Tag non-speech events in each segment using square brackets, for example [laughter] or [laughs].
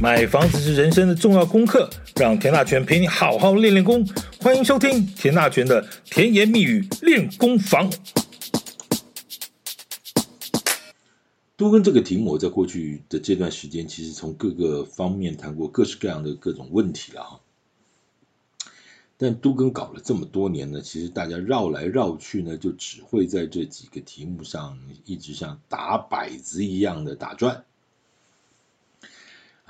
買房子是人生的重要功課，讓田大權陪你好好練練功。歡迎收聽田大權的甜言蜜語練功房。都更這個題目，我在過去的這段時間，其實從各個方面談過各式各樣的各種問題了，啊、但都更搞了這麼多年呢，其實大家繞來繞去呢，就只會在這幾個題目上一直像打擺子一樣的打轉。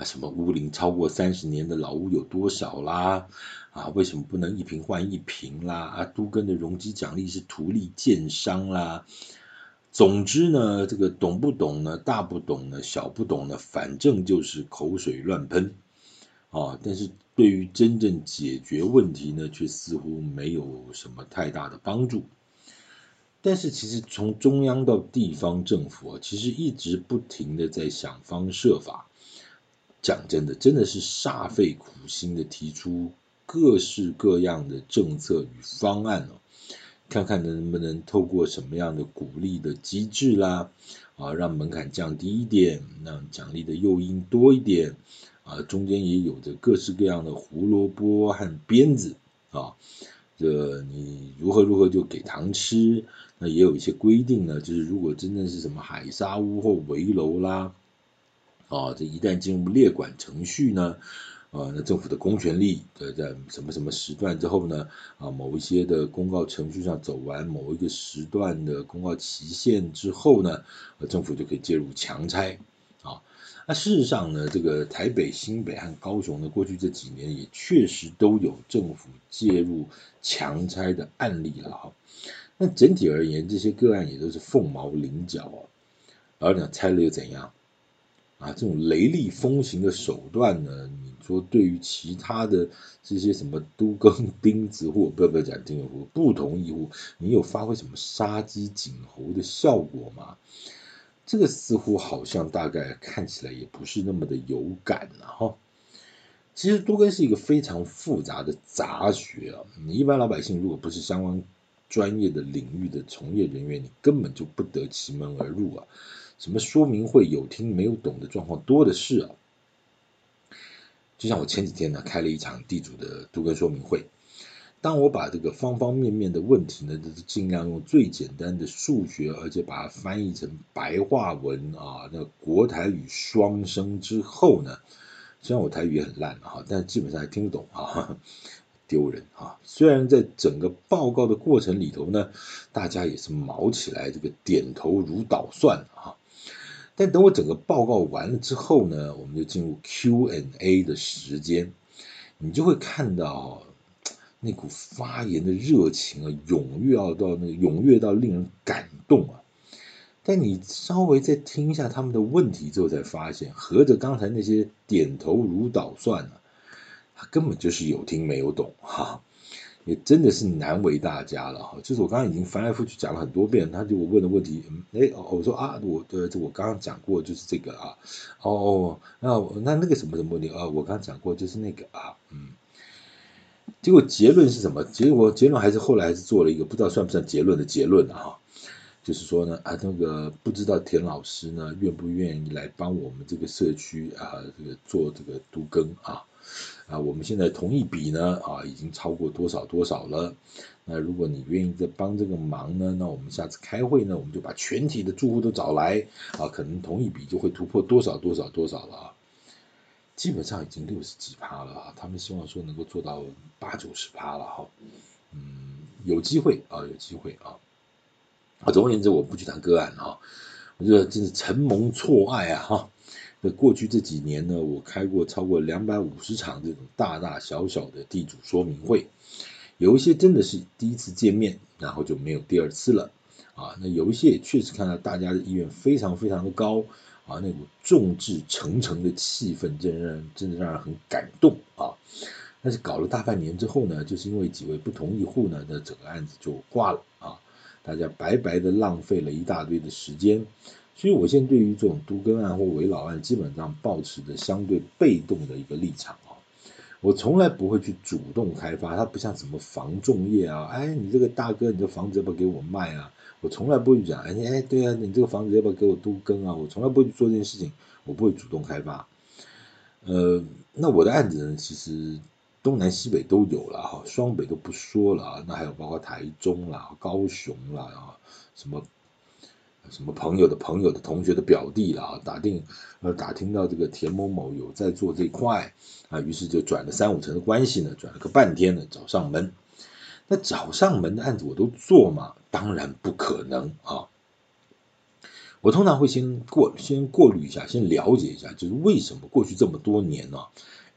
啊，什麼屋齡超過三十年的老屋有多少啦？啊，為什麼不能一坪換一坪啦？啊，都更的容積獎勵是圖利建商啦。總之呢，這個懂不懂呢？大不懂呢？小不懂呢？反正就是口水亂噴啊。但是對於真正解決問題呢，卻似乎沒有什麼太大的幫助。但是其實從中央到地方政府啊，其實一直不停的在想方設法。講真的，真的是煞費苦心的提出各式各樣的政策與方案哦，看看能不能透過什麼樣的鼓勵的機制啦，啊，讓門檻降低一點，讓獎勵的誘因多一點，啊，中間也有着各式各樣的胡蘿蔔和鞭子啊，這你如何如何就給糖吃，那也有一些規定呢，就是如果真的是什麼海沙屋或危樓啦。啊、哦，這一旦進入列管程序呢，啊、呃，那政府的公權力在在什麼什麼時段之後呢，啊，某一些的公告程序上走完某一個時段的公告期限之後呢，呃、政府就可以介入強拆。啊、哦，那事實上呢，這個台北、新北和高雄呢，過去這幾年也確實都有政府介入強拆的案例了。哈、哦，那整體而言，這些個案也都是鳳毛麟角。然後講拆了又怎樣？啊，這種雷厲風行的手段呢，你說對於其他的這些什麼都更釘子戶，不不講釘子戶，不同意戶，你有發揮什麼殺雞儆猴的效果嗎？這個似乎好像大概看起來也不是那麼的有感呢，哈。其實都更是一個非常複雜的雜學啊，你一般老百姓如果不是相關專業的領域的從業人員，你根本就不得其門而入啊。什麼說明會有聽沒有懂的狀況多的是啊，就像我前幾天呢開了一場地主的都更說明會，當我把這個方方面面的問題呢，盡量用最簡單的數學，而且把它翻譯成白話文啊，那國台語雙聲之後呢，雖然我台語也很爛哈、啊，但基本上還聽得懂啊，丟人啊，雖然在整個報告的過程裡頭呢，大家也是卯起來，這個點頭如搗蒜啊。但等我整個報告完了之後呢，我們就進入 Q and A 的時間，你就會看到那股發言的熱情啊，踴躍到那踴躍到令人感動啊。但你稍微再聽一下他們的問題之後，才發現合着剛才那些點頭如搗蒜啊，他根本就是有聽沒有懂哈。也真的是難為大家了哈，就是我剛剛已經翻來覆去講了很多遍，他就我問的問題，嗯、誒，我說啊，我呃，我剛剛講過就是這個啊，哦，那那那個什麼什麼問題啊，我剛剛講過就是那個啊，嗯，結果結論是什麼？結果結論還是後來還是做了一個不知道算不算結論的結論啊，就是說呢啊，那個不知道田老師呢願不願意來幫我們這個社區啊這個做這個都更啊。啊，我們現在同意比呢啊，已經超過多少多少了？那如果你願意再幫這個忙呢，那我們下次開會呢，我們就把全體的住戶都找來啊，可能同意比就會突破多少多少多少了啊。基本上已經六十幾趴了啊，他們希望說能夠做到八九十趴了哈、啊。嗯，有機會啊，有機會啊。啊，總而言之，我不去談個案啊，我覺得真是承蒙錯愛啊哈。啊在過去這幾年呢，我開過超過兩百五十場這種大大小小的地主說明會，有一些真的是第一次見面，然後就沒有第二次了啊。那有一些也確實看到大家的意願非常非常的高啊，那股眾志成城的氣氛真，真讓人真的讓人很感動啊。但是搞了大半年之後呢，就是因為幾位不同意戶呢，那整個案子就掛了啊，大家白白的浪費了一大堆的時間。所以，我現在對於這種都更案或危老案，基本上抱持著相對被動的一個立場啊、哦。我從來不會去主動開發，它不像什麼房仲業啊，哎，你這個大哥，你的房子要不要給我賣啊？我從來不會講，哎哎，對啊，你這個房子要不要給我都更啊？我從來不會去做這件事情，我不會主動開發。呃，那我的案子呢，其實東南西北都有了哈、哦，雙北都不說了，那還有包括台中啦、高雄啦，什麼？什麼朋友的朋友的同學的表弟啊，打定呃打聽到這個田某某有在做這塊啊，於是就轉了三五層的關係呢，轉了個半天呢，找上門。那找上門的案子我都做嘛，當然不可能啊。我通常會先過先過濾一下，先了解一下，就是為什麼過去這麼多年呢，啊，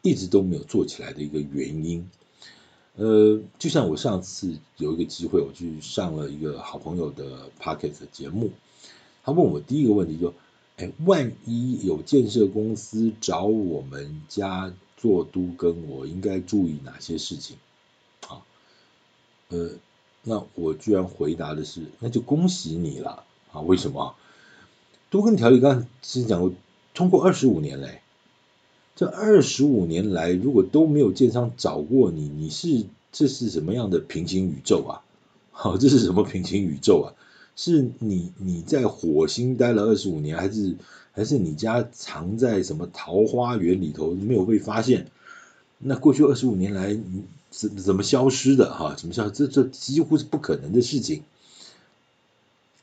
一直都沒有做起來的一個原因。呃，就像我上次有一個機會，我去上了一個好朋友的 podcast 節目，他問我第一個問題就，哎，萬一有建設公司找我們家做都更，我應該注意哪些事情？啊，呃，那我居然回答的是，那就恭喜你了，啊，為什麼？都更條例剛才之前講過，通過二十五年嘞。這二十五年來，如果都沒有建商找過你，你是這是什麼樣的平行宇宙啊？好，哦，這是什麼平行宇宙啊？是你你在火星待了二十五年，還是還是你家藏在什麼桃花源裡頭沒有被發現？那過去二十五年來，怎麼怎麼消失的？哈，怎麼消失？這這幾乎是不可能的事情。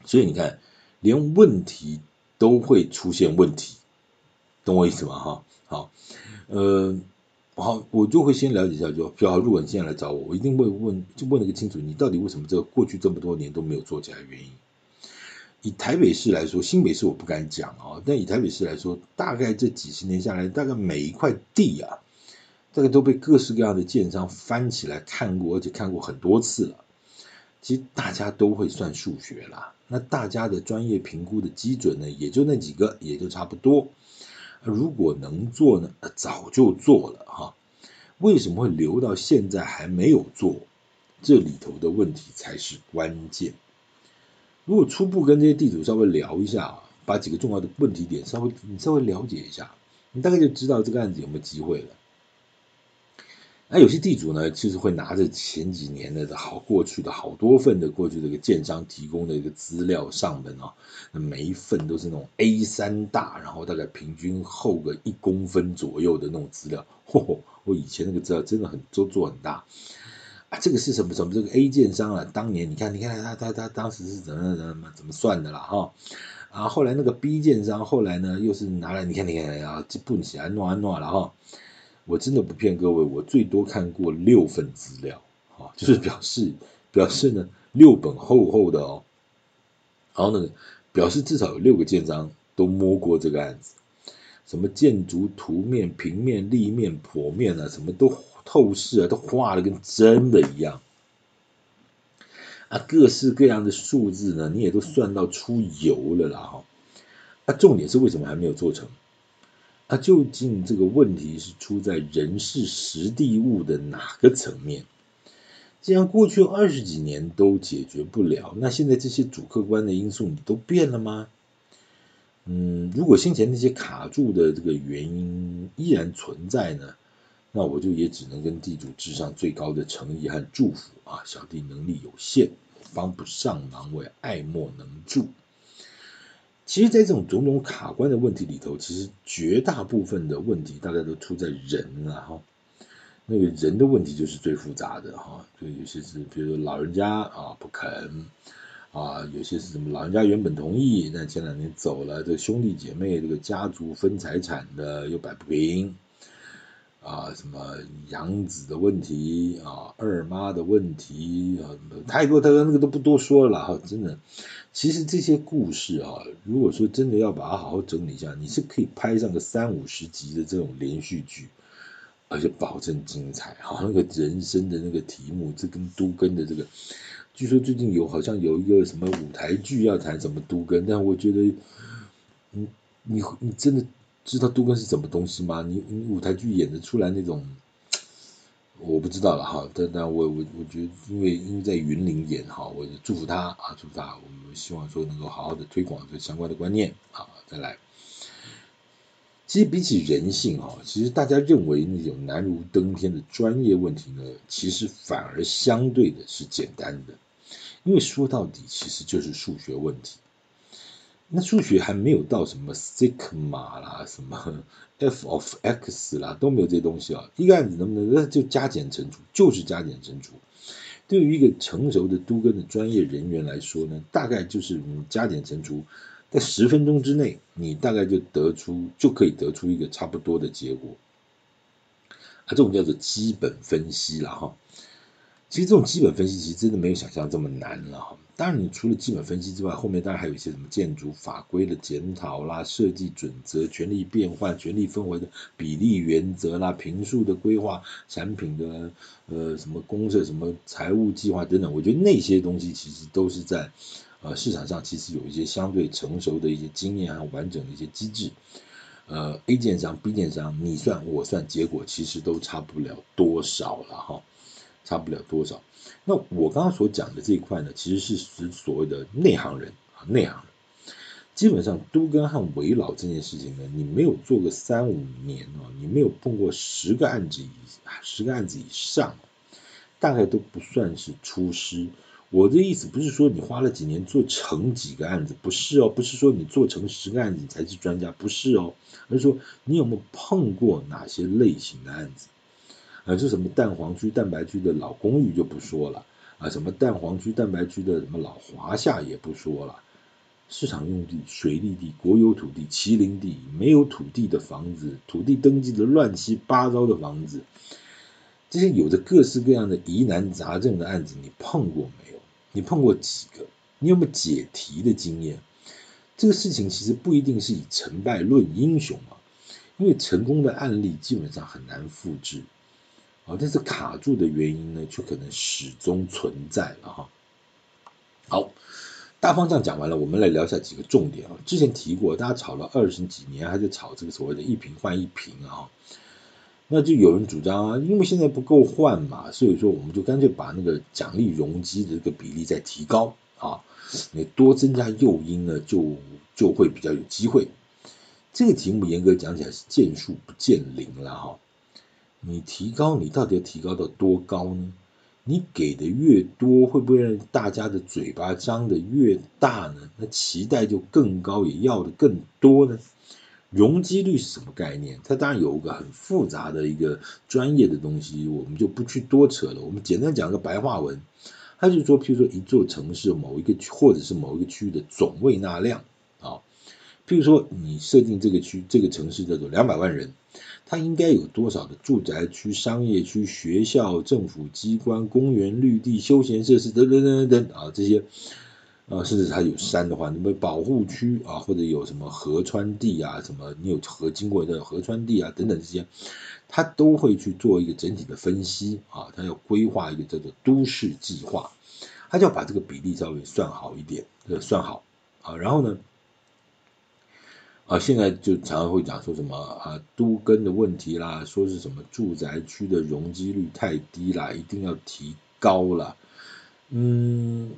所以你看，連問題都會出現問題，懂我意思嗎？哈。好，呃，好，我就會先了解一下就，就比如說，如果你現在來找我，我一定會問，就問那個清楚，你到底為什麼這個過去這麼多年都沒有做起來的原因？以台北市來說，新北市我不敢講啊，但以台北市來說，大概這幾十年下來，大概每一塊地啊，大概都被各式各樣的建商翻起來看過，而且看過很多次了。其實大家都會算數學啦，那大家的專業評估的基準呢，也就那幾個，也就差不多。如果能做呢，早就做了哈、啊。為什麼會留到現在還沒有做？這裡頭的問題才是關鍵。如果初步跟這些地主稍微聊一下啊，把幾個重要的問題點稍微，你稍微了解一下，你大概就知道這個案子有沒有機會了。那、啊、有些地主呢，就是會拿着前幾年的，的好、好過去的好多份的過去這個建商提供的一個資料上門啊、哦，那每一份都是那種 A 三大，然後大概平均厚個一公分左右的那種資料。嚯、哦，我以前那個資料真的很都做很大。啊，這個是什麼什麼這個 A 建商啊，當年你看，你看他他他，他當時是怎麼怎麼怎麼算的啦。哈、哦？啊，後來那個 B 建商後來呢又是拿來你看你看啊，就蹦起來諾啊挪了哈。哦。我真的不騙各位，我最多看過六份資料，啊，就是表示表示呢六本厚厚的哦，然後呢表示至少有六個建商都摸過這個案子，什麼建築圖面、平面、立面、剖面啊，什麼都透視啊，都畫的跟真的一樣，啊，各式各樣的數字呢，你也都算到出油了啦哈，那、啊、重點是為什麼還沒有做成？它、啊、究竟這個問題是出在人事、時地、物的哪個層面？既然過去二十幾年都解決不了，那現在這些主客觀的因素你都變了嗎？嗯，如果先前那些卡住的這個原因依然存在呢，那我就也只能跟地主致上最高的誠意和祝福啊，小弟能力有限，幫不上忙，為愛莫能助。其實，在這種種種卡關的問題裡頭，其實絕大部分的問題，大概都出在人了、啊、哈。那個人的問題就是最複雜的哈，就有些是，比如說老人家啊不肯啊，有些是什麼老人家原本同意，那前兩年走了，這兄弟姐妹這個家族分財產的又擺不平。啊，什麼養子的問題啊，二媽的問題啊，太多太多，那個都不多說了哈、啊。真的，其實這些故事啊，如果說真的要把它好好整理一下，你是可以拍上個三五十集的這種連續劇，而、啊、且保證精彩。哈、啊，那個人生的那個題目，這跟都更的這個，據說最近有好像有一個什麼舞台劇要談什麼都更，但我覺得，嗯，你你真的。知道都更是什麼東西嗎？你你舞台劇演得出來那種，我不知道了哈。但但我我我覺得，因為因為在雲林演哈，我就祝福他啊，祝福他。我們希望說能夠好好的推廣這相關的觀念啊，再來。其實比起人性哈，其實大家認為那種難如登天的專業問題呢，其實反而相對的是簡單的，因為說到底其實就是數學問題。那數學還沒有到什麼 sigma 啦，什麼 f of x 啦，都沒有這些東西啊。一個案子能不能，那就加減乘除，就是加減乘除。對於一個成熟的都更的專業人員來說呢，大概就是、嗯、加減乘除，在十分鐘之內，你大概就得出，就可以得出一個差不多的結果。啊，這種叫做基本分析了哈。其實這種基本分析其實真的沒有想象這麼難了哈。當然，你除了基本分析之外，後面當然還有一些什麼建築法規的檢討啦、設計準則、權利變換、權利分劃的比例原則啦、坪數的規劃、產品的呃什麼公設、什麼財務計劃等等。我覺得那些東西其實都是在呃市場上其實有一些相對成熟的一些經驗和完整的一些機制。呃，A 建商、B 建商，你算我算，結果其實都差不了多少了哈。差不了多少。那我剛剛所講的這一塊呢，其實是指所謂的內行人啊，內行人。基本上，都更和危老這件事情呢，你沒有做個三五年哦，你沒有碰過十個案子以十個案子以上，大概都不算是出師。我的意思不是說你花了幾年做成幾個案子，不是哦，不是說你做成十個案子你才是專家，不是哦，而是說你有沒有碰過哪些類型的案子。啊，就什麼蛋黃區、蛋白區的老公寓就不說了啊，什麼蛋黃區、蛋白區的什麼老華廈也不說了，市場用地、水利地、國有土地、畸零地、沒有土地的房子、土地登記的亂七八糟的房子，這些有着各式各樣的疑難雜症的案子，你碰過沒有？你碰過幾個？你有沒有解題的經驗？這個事情其實不一定是以成敗論英雄嘛，因為成功的案例基本上很難複製。但是卡住的原因呢，就可能始終存在了哈。好，大方向講完了，我們來聊一下幾個重點啊。之前提過，大家炒了二十幾年，還在炒這個所謂的“一坪換一坪”啊。那就有人主張啊，因為現在不夠換嘛，所以說我們就乾脆把那個獎勵容積的這個比例再提高啊，你多增加誘因呢，就就會比較有機會。這個題目嚴格講起來是見樹不見林了哈。你提高，你到底要提高到多高呢？你給的越多，會不會讓大家的嘴巴張的越大呢？那期待就更高，也要的更多呢？容積率是什麼概念？它當然有一個很複雜的一個專業的東西，我們就不去多扯了。我們簡單講個白話文，它就說，譬如說一座城市某一個或者是某一個區域的總位納量。譬如說，你設定這個區、這個城市叫做兩百萬人，它應該有多少的住宅區、商業區、學校、政府機關、公園綠地、休閒設施等等等等啊這些，啊、呃，甚至它有山的話，那麼保護區啊，或者有什麼河川地啊，什麼你有河經過的河川地啊等等這些，它都會去做一個整體的分析啊，它要規劃一個叫做都市計劃，它就要把這個比例稍微算好一點，呃、這個，算好啊，然後呢？啊，現在就常常會講說什麼啊，都更的問題啦，說是什麼住宅區的容積率太低啦，一定要提高啦。嗯，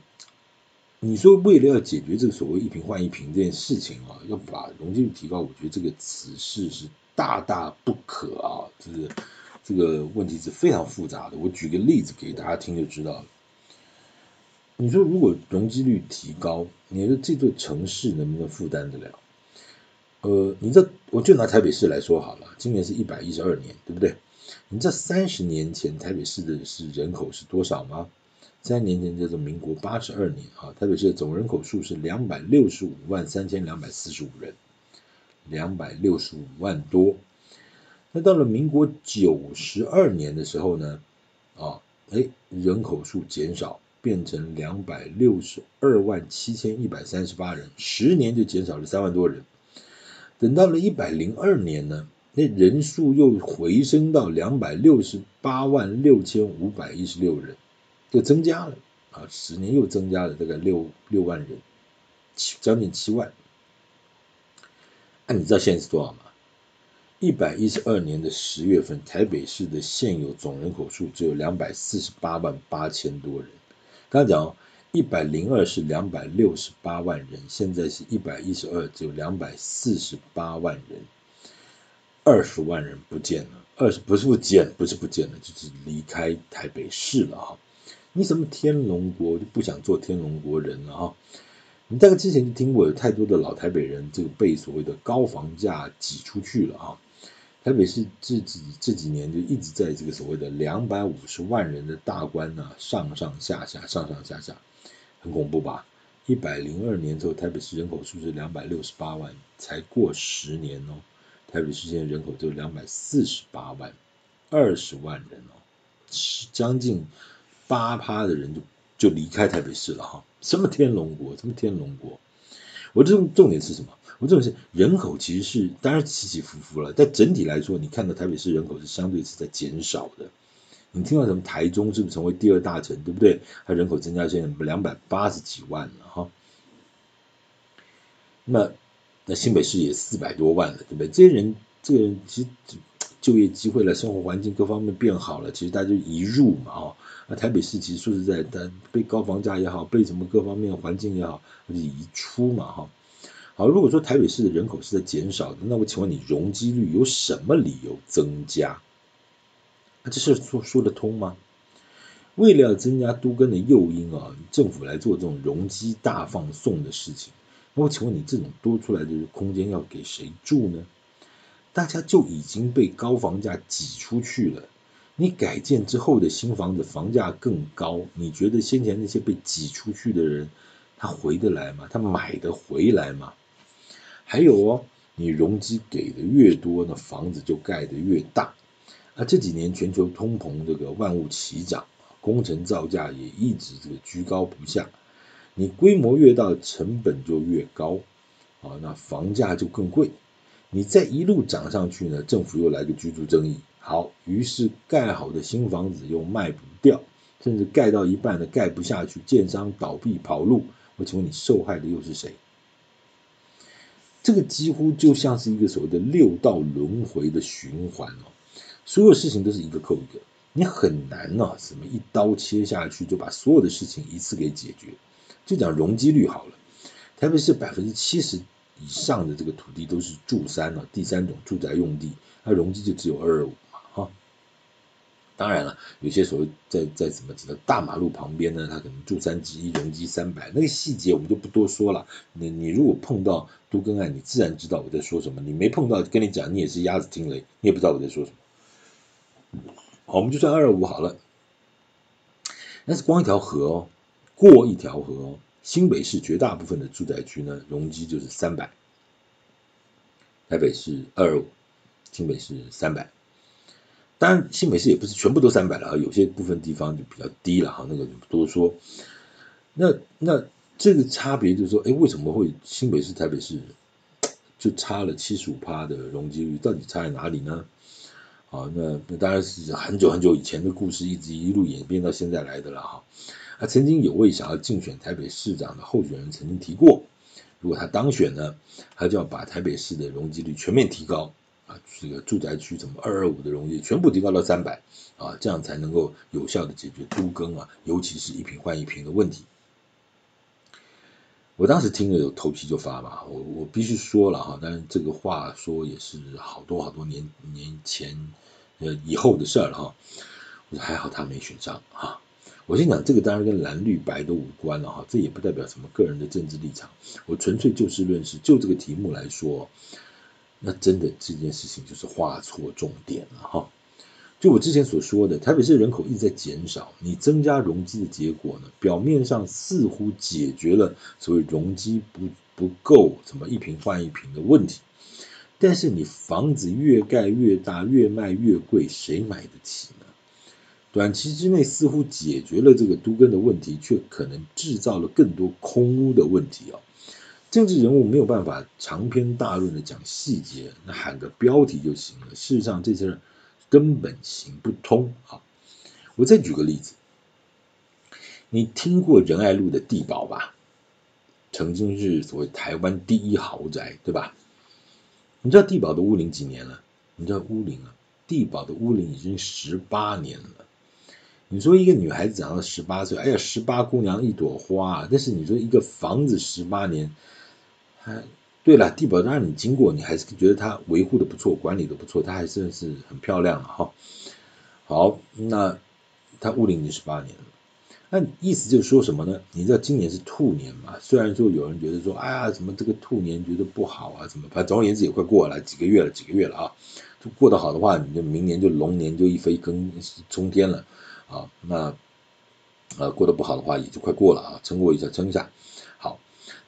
你說為了要解決這個所謂一坪換一坪這件事情啊，要把容積率提高，我覺得這個此事是大大不可啊，這個這個問題是非常複雜的。我舉個例子給大家聽就知道了。你說如果容積率提高，你說這座城市能不能負擔得了？呃，你這我就拿台北市來說好了，今年是一百一十二年，對不對？你這三十年前台北市的是人口是多少嗎？三十年前叫做民國八十二年啊，台北市的總人口數是兩百六十五萬三千兩百四十五人，兩百六十五萬多。那到了民國九十二年的時候呢，啊，哎，人口數減少，變成兩百六十二萬七千一百三十八人，十年就減少了三萬多人。等到了一百零二年呢，那人數又回升到兩百六十八萬六千五百一十六人，就增加了啊，十年又增加了這個六六萬人，七將近七萬。那、啊、你知道現在是多少嗎？一百一十二年的十月份，台北市的現有總人口數只有兩百四十八萬八千多人。剛才講、哦。一百零二是兩百六十八萬人，現在是一百一十二，只有兩百四十八萬人，二十萬人不見了，二十不是不見，不是不見了，就是離開台北市了哈。你什麼天龍國就不想做天龍國人了哈，你大概之前就聽過，有太多的老台北人這個被所謂的高房價擠出去了啊。台北市這這這幾年就一直在這個所謂的兩百五十萬人的大關啊，上上下下，上上下下。很恐怖吧？一百零二年之後，台北市人口數是兩百六十八萬，才過十年哦。台北市現在人口只有兩百四十八萬，二十萬人哦，是將近八趴的人就就離開台北市了哈。什麼天龍國？什麼天龍國？我這種重點是什麼？我這種是人口其實是當然起起伏伏了，但整體來說，你看到台北市人口是相對是在減少的。你聽到什麼？台中是不是成為第二大城？對不對？它人口增加，現在兩百八十幾萬了哈。那那新北市也四百多萬了，對不對？這些人，這個人其實就業機會了，生活環境各方面變好了，其實大家就移入嘛哈，那台北市其實說實在，被高房價也好，被什麼各方面環境也好，移出嘛，哈。好，如果說台北市的人口是在減少的，那我請問你容積率有什麼理由增加？啊，這事說說得通嗎？為了要增加都更的誘因啊，政府來做這種容積大放送的事情。那我請問你這種多出來的空間要給誰住呢？大家就已經被高房價擠出去了。你改建之後的新房子房價更高，你覺得先前那些被擠出去的人他回得來嗎？他買得回來嗎？還有哦，你容積給的越多呢，那房子就蓋得越大。那這幾年全球通膨，這個萬物齊漲，工程造價也一直這個居高不下。你規模越大，成本就越高，啊，那房價就更貴。你再一路漲上去呢，政府又來個居住正義。好，於是蓋好的新房子又賣不掉，甚至蓋到一半的蓋不下去，建商倒閉跑路。我請問你受害的又是誰？這個幾乎就像是一個所謂的六道輪回的循環哦。所有事情都是一個扣一個，你很難呢、啊，什麼一刀切下去就把所有的事情一次給解決。就講容積率好了，台北市百分之七十以上的這個土地都是住三了，第三種住宅用地，它容積就只有二二五嘛哈。當然了、啊，有些所謂在在什麼什麼大馬路旁邊呢，它可能住三之一容積三百，那個細節我們就不多說了。你你如果碰到都更案，你自然知道我在說什麼；你沒碰到，跟你講你也是鴨子聽雷，你也不知道我在說什麼。好，我們就算二二五好了。但是光一條河哦，過一條河哦。新北市絕大部分的住宅區呢，容積就是三百；台北市二二五，新北市三百。當然，新北市也不是全部都三百了，有些部分地方就比較低了哈。那個就不多說。那那這個差別就是說，哎，為什麼會新北市、台北市就差了七十五趴的容積率？到底差在哪裡呢？啊、哦，那那當然是很久很久以前的故事，一直一路演變到現在來的了哈。啊，曾經有位想要競選台北市長的候選人曾經提過，如果他當選呢，他就要把台北市的容積率全面提高啊，這個住宅區什麼二二五的容積率全部提高到三百啊，這樣才能夠有效的解決都更啊，尤其是一坪換一坪的問題。我當時聽了有頭皮就發嘛，我我必須說了哈，但然這個話說也是好多好多年年前呃以後的事兒了哈。我說還好他沒選上哈，我先講這個當然跟藍綠白都無關了哈，這也不代表什麼個人的政治立場，我純粹就事論事，就這個題目來說，那真的這件事情就是畫錯重點了哈。就我之前所說的，台北市人口一直在減少，你增加容積的結果呢？表面上似乎解決了所謂容積不不夠，怎麼一平換一平的問題，但是你房子越蓋越大，越賣越貴，誰買得起呢？短期之內似乎解決了這個都更的問題，卻可能制造了更多空屋的問題哦、啊，政治人物沒有辦法長篇大論的講細節，那喊個標題就行了。事實上這些人。根本行不通。好，我再舉個例子，你聽過仁愛路的帝寶吧？曾經是所謂台灣第一豪宅，對吧？你知道帝寶的屋齡幾年了？你知道屋齡了、啊？帝寶的屋齡已經十八年了。你說一個女孩子長到十八歲，哎呀，十八姑娘一朵花。但是你說一個房子十八年，還？對了，帝寶讓你經過，你還是覺得它維護的不錯，管理的不錯，它還算是很漂亮了、啊、哈。好，那它屋齡已經十八年了，那意思就是說什麼呢？你知道今年是兔年嘛？雖然說有人覺得說，哎呀，什麼這個兔年覺得不好啊，什麼，反正總而言之也快過了，幾個月了，幾個月了啊。就過得好的話，你就明年就龍年就一飛一更衝天了啊。那呃過得不好的話，也就快過了啊，撐過一下，撐一下。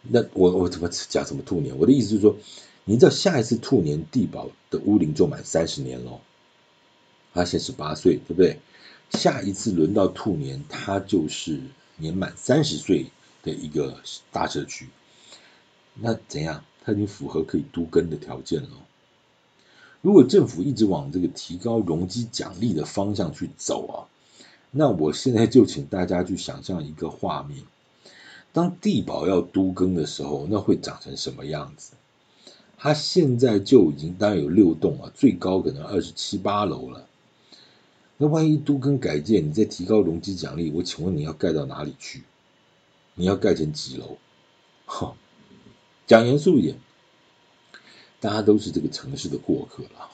那我我怎麼講什麼兔年？我的意思是說，你知道下一次兔年帝寶的屋齡就滿三十年嘍，他現在十八歲，對不對？下一次輪到兔年，他就是年滿三十歲的一個大社區，那怎樣？他已經符合可以都更的條件咯如果政府一直往這個提高容積獎勵的方向去走啊，那我現在就請大家去想象一個畫面。當地保要都更的時候，那會長成什麼樣子？它現在就已經當然有六棟啊，最高可能二十七八樓了。那萬一都更改建，你再提高容積獎勵，我請問你要蓋到哪裡去？你要蓋成幾樓？哈，講嚴肅一點，大家都是這個城市的過客了。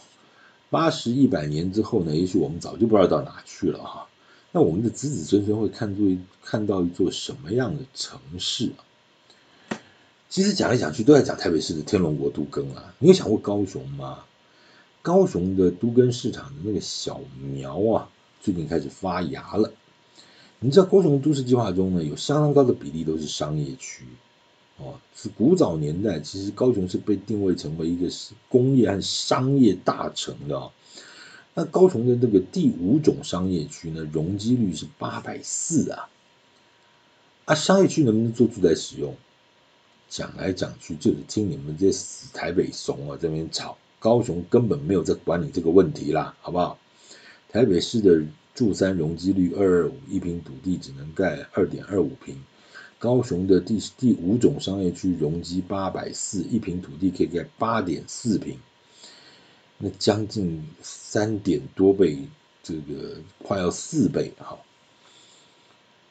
八十一百年之後呢，也許我們早就不知道到哪去了哈。那我們的子子孫孫會看作看到一座什麼樣的城市啊？其實講來講去都在講台北市的天龍國都更啊，你有想過高雄嗎？高雄的都更市場的那個小苗啊，最近開始發芽了。你知道高雄都市計劃中呢，有相當高的比例都是商業區哦，是古早年代，其實高雄是被定位成為一個是工業和商業大城的、哦。那高雄的這個第五種商業區呢，容積率是八百四啊，啊，商業區能不能做住宅使用？講來講去就是聽你們這些死台北慫啊這邊吵，高雄根本沒有在管理這個問題啦，好不好？台北市的住三容積率二二五，一坪土地只能蓋二點二五坪。高雄的第第五種商業區容積八百四，一坪土地可以蓋八點四坪。那將近三點多倍，這個快要四倍哈。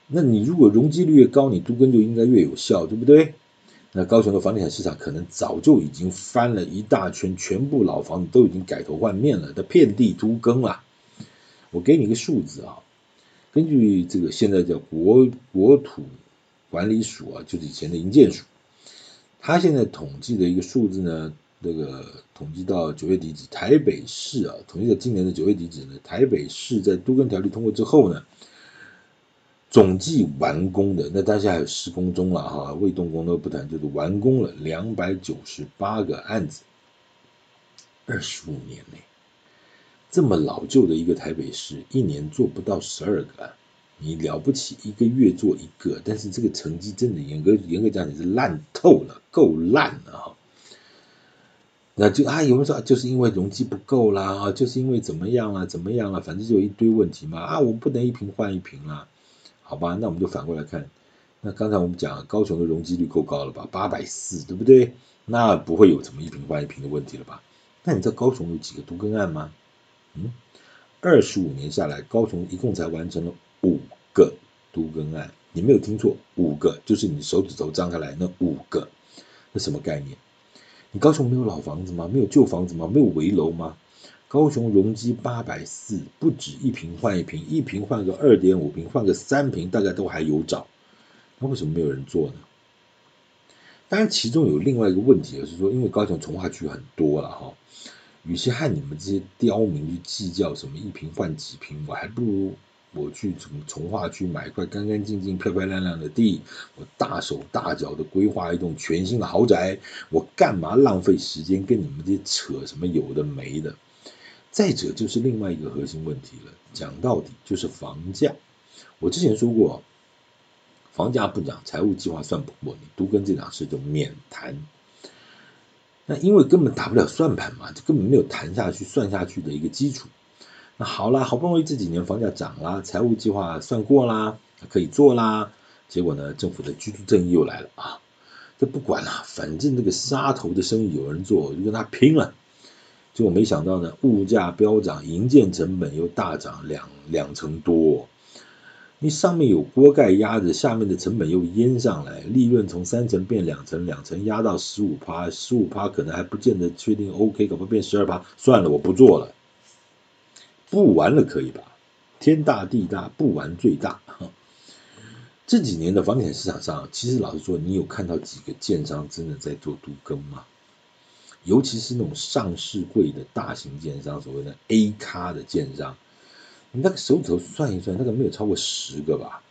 那你如果容積率越高，你都更就應該越有效，對不對？那高雄的房地產市場可能早就已經翻了一大圈，全部老房子都已經改頭換面了，它遍地都更了。我給你一個數字啊，根據這個現在叫國國土管理署啊，就是以前的營建署，它現在統計的一個數字呢。那個統計到九月底止，台北市啊，統計到今年的九月底止呢，台北市在都更條例通過之後呢，總計完工的，那當下還有施工中了哈，未動工都不談，就是完工了兩百九十八個案子，二十五年內，這麼老舊的一個台北市，一年做不到十二個案，你了不起一個月做一個，但是這個成績真的嚴格嚴格講你是爛透了，夠爛了哈。那就啊，有人說就是因為容積不夠啦，就是因為怎麼樣了、啊，怎麼樣了、啊，反正就有一堆問題嘛啊，我不能一坪換一坪了，好吧？那我們就反過來看，那剛才我們講了高雄的容積率夠高了吧，八百四，對不對？那不會有什麼一坪換一坪的問題了吧？那你知道高雄有幾個都更案嗎？嗯，二十五年下來，高雄一共才完成了五個都更案，你沒有聽錯，五個，就是你手指頭張開來那五個，那什麼概念？你高雄沒有老房子嗎？沒有舊房子嗎？沒有危樓嗎？高雄容積八百四，不止一坪換一坪，一坪換個二點五坪，換個三坪，大概都還有找。那為什麼沒有人做呢？當然，其中有另外一個問題就是說，因為高雄重劃區很多了哈，與其和你們這些刁民去計較什麼一坪換幾坪，我還不如。我去重劃區買一塊乾乾淨淨、漂漂亮亮的地，我大手大腳的規劃一棟全新的豪宅，我幹嘛浪費時間跟你們這些扯什麼有的沒的？再者就是另外一個核心問題了，講到底就是房價。我之前說過，房價不漲，財務計劃算不過你，都更這檔事就免談。那因為根本打不了算盤嘛，這根本沒有談下去、算下去的一個基礎。那好啦，好不容易這幾年房價漲啦，財務計劃算過啦，可以做啦。結果呢，政府的居住正義又來了啊！這不管了、啊，反正這個殺頭的生意有人做，我就跟他拼了。結果沒想到呢，物價飆漲，營建成本又大漲兩兩成多。你上面有鍋蓋壓着，下面的成本又淹上來，利潤從三成變兩成，兩成壓到十五趴，十五趴可能還不見得確定 OK，搞不好變十二趴，算了，我不做了。不玩了可以吧？天大地大，不玩最大。 [laughs] 這幾年的房地產市場上，其實老實說，你有看到幾個建商真的在做都更嗎？尤其是那種上市櫃的大型建商，所謂的 A 咖的建商，你那個手指頭算一算，大概沒有超過十個吧？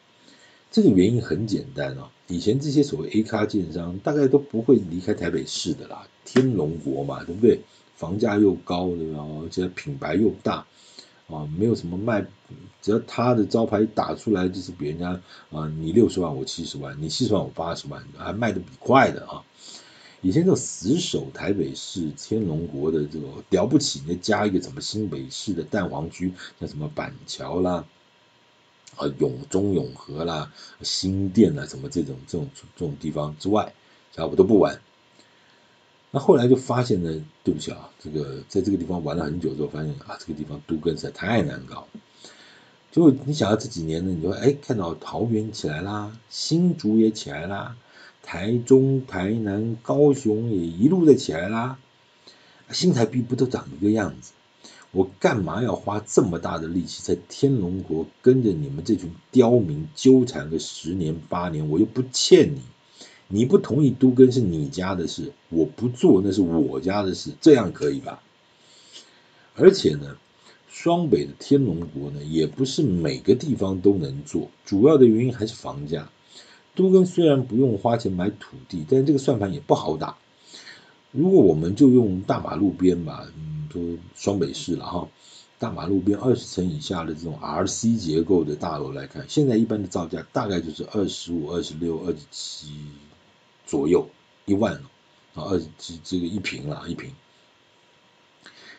這個原因很簡單哦，以前這些所謂 A 咖建商，大概都不會離開台北市的啦，天龍國嘛，對不對？房價又高，對吧？而且品牌又大。啊，沒有什麼賣，只要他的招牌打出來，就是別人家啊，你六十萬，我七十萬，你七十萬，我八十萬，還賣得比快的啊。以前就死守台北市天龍國的這個了不起，那加一個什麼新北市的蛋黃區，像什麼板橋啦、啊永中永和啦、新店啦，什麼這種這種這種地方之外，啊，我都不玩。那後來就發現呢，對不起啊，這個在這個地方玩了很久之後，發現啊，這個地方都更實在太難搞。就你想要這幾年呢，你說哎，看到桃園起來啦，新竹也起來啦，台中、台南、高雄也一路在起來啦，新台幣不都長一個樣子？我幹嘛要花這麼大的力氣在天龍國跟着你們這群刁民糾纏個十年八年？我又不欠你。你不同意都更是你家的事，我不做那是我家的事，這樣可以吧？而且呢，雙北的天龍國呢，也不是每個地方都能做，主要的原因還是房價。都更雖然不用花錢買土地，但這個算盤也不好打。如果我們就用大馬路邊吧，嗯，都雙北市了哈，大馬路邊二十層以下的這種 RC 結構的大樓來看，現在一般的造價大概就是二十五、二十六、二十七，左右一萬，啊、哦，二十這個一平啦，一平。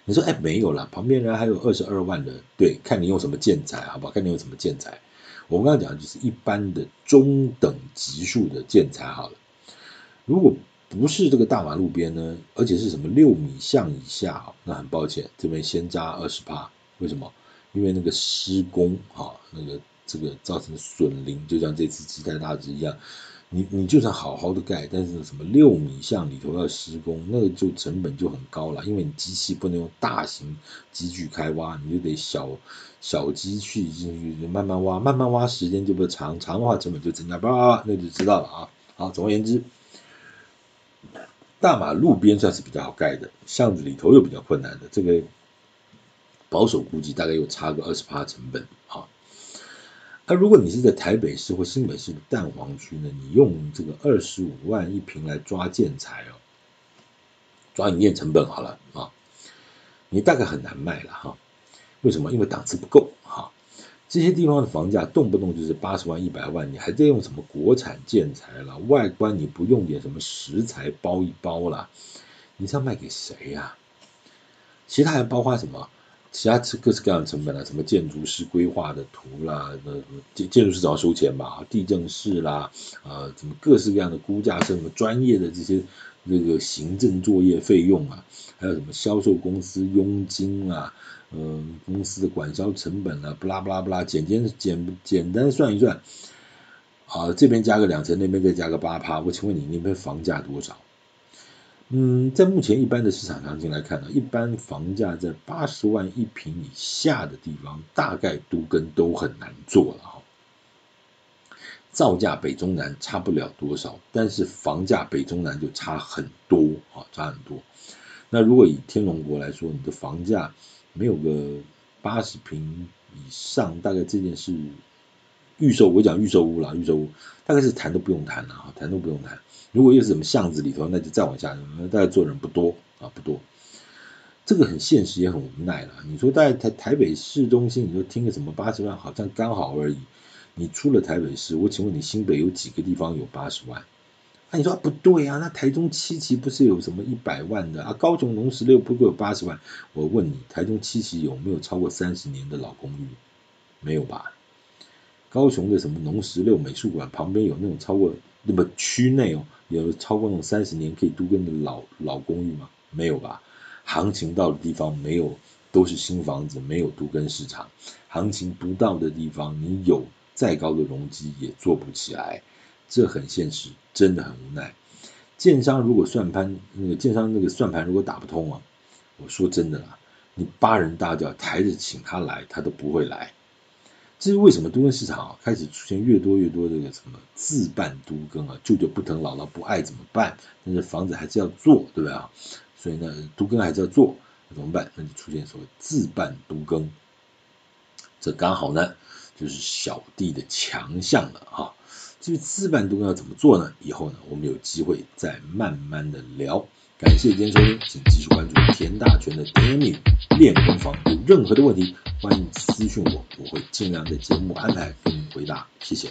你說哎，沒有啦。旁邊人還有二十二萬的，對，看你用什麼建材，好不好？看你用什麼建材。我們剛剛講的就是一般的中等級數的建材好了。如果不是這個大馬路邊呢，而且是什麼六米巷以下，那很抱歉，這邊先加二十趴。為什麼？因為那個施工哈、哦，那個這個造成損鄰，就像這次基泰大直一樣。你你就算好好的蓋，但是什麼六米巷裡頭要施工，那個、就成本就很高了，因為你機器不能用大型機具開挖，你就得小小機器進去，就慢慢挖，慢慢挖時間就不長，長的話成本就增加，叭那就知道了啊。好，總而言之，大馬路邊算是比較好蓋的，巷子裡頭又比較困難的，這個保守估計大概又差個二十趴成本啊。好那如果你是在台北市或新北市的蛋黃區呢？你用這個二十五萬一坪來抓建材，哦，抓你營建成本好了啊，你大概很難賣了哈、啊。為什麼？因為檔次不夠哈、啊。這些地方的房價動不動就是八十萬、一百萬，你還得用什麼國產建材了？外觀你不用點什麼石材包一包了，你這賣給誰呀、啊？其他還包括什麼？其他各式各樣的成本啊，什麼建築師規劃的圖啦，那建建築師總要收錢吧，地政士啦，啊、呃，什麼各式各樣的估價師，什麼專業的這些那、這個行政作業費用啊，還有什麼銷售公司佣金啊，嗯，公司的管銷成本啊，不拉不拉不拉，簡簡簡簡單算一算，啊、呃，這邊加個兩成，那邊再加個八趴，我請問你那邊房價多少？嗯，在目前一般的市場上進來看呢，一般房價在八十萬一坪以下的地方，大概都更都很難做了哈。造價北中南差不了多少，但是房價北中南就差很多啊，差很多。那如果以天龍國來說，你的房價沒有個八十坪以上，大概這件事。預售我講預售屋啦，預售屋大概是談都不用談了啊，談都不用談。如果又是什麼巷子裡頭，那就再往下、呃，大概做的人不多啊，不多。這個很現實也很無奈了。你說在台台北市中心，你說聽個什麼八十萬，好像剛好而已。你出了台北市，我請問你新北有幾個地方有八十萬？啊，你說、啊、不對啊，那台中七期不是有什麼一百萬的啊？高雄農十六不就有八十萬？我問你，台中七期有沒有超過三十年的老公寓？沒有吧？高雄的什麼農十六美術館旁邊有那種超過那麼區內哦，有超過那種三十年可以都更的老老公寓嗎？沒有吧。行情到的地方沒有，都是新房子，沒有都更市場。行情不到的地方，你有再高的容積也做不起來，這很現實，真的很無奈。建商如果算盤那個建商那個算盤如果打不通啊，我說真的啦，你八人大轎抬着請他來，他都不會來。至於為什麼都更市場，啊、開始出現越多越多這個什麼自辦都更啊？舅舅不疼，姥姥不愛怎麼辦？但是房子還是要做，對不對啊？所以呢，都更還是要做，怎麼辦？那就出現所謂自辦都更，這剛好呢就是小弟的強項了哈、啊。至於自辦都更要怎麼做呢？以後呢，我們有機會再慢慢的聊。感謝收聽，請繼續關注田大權的《電影練功房》，有任何的問題，歡迎私訊我，我會盡量在節目安排給你回答。謝謝。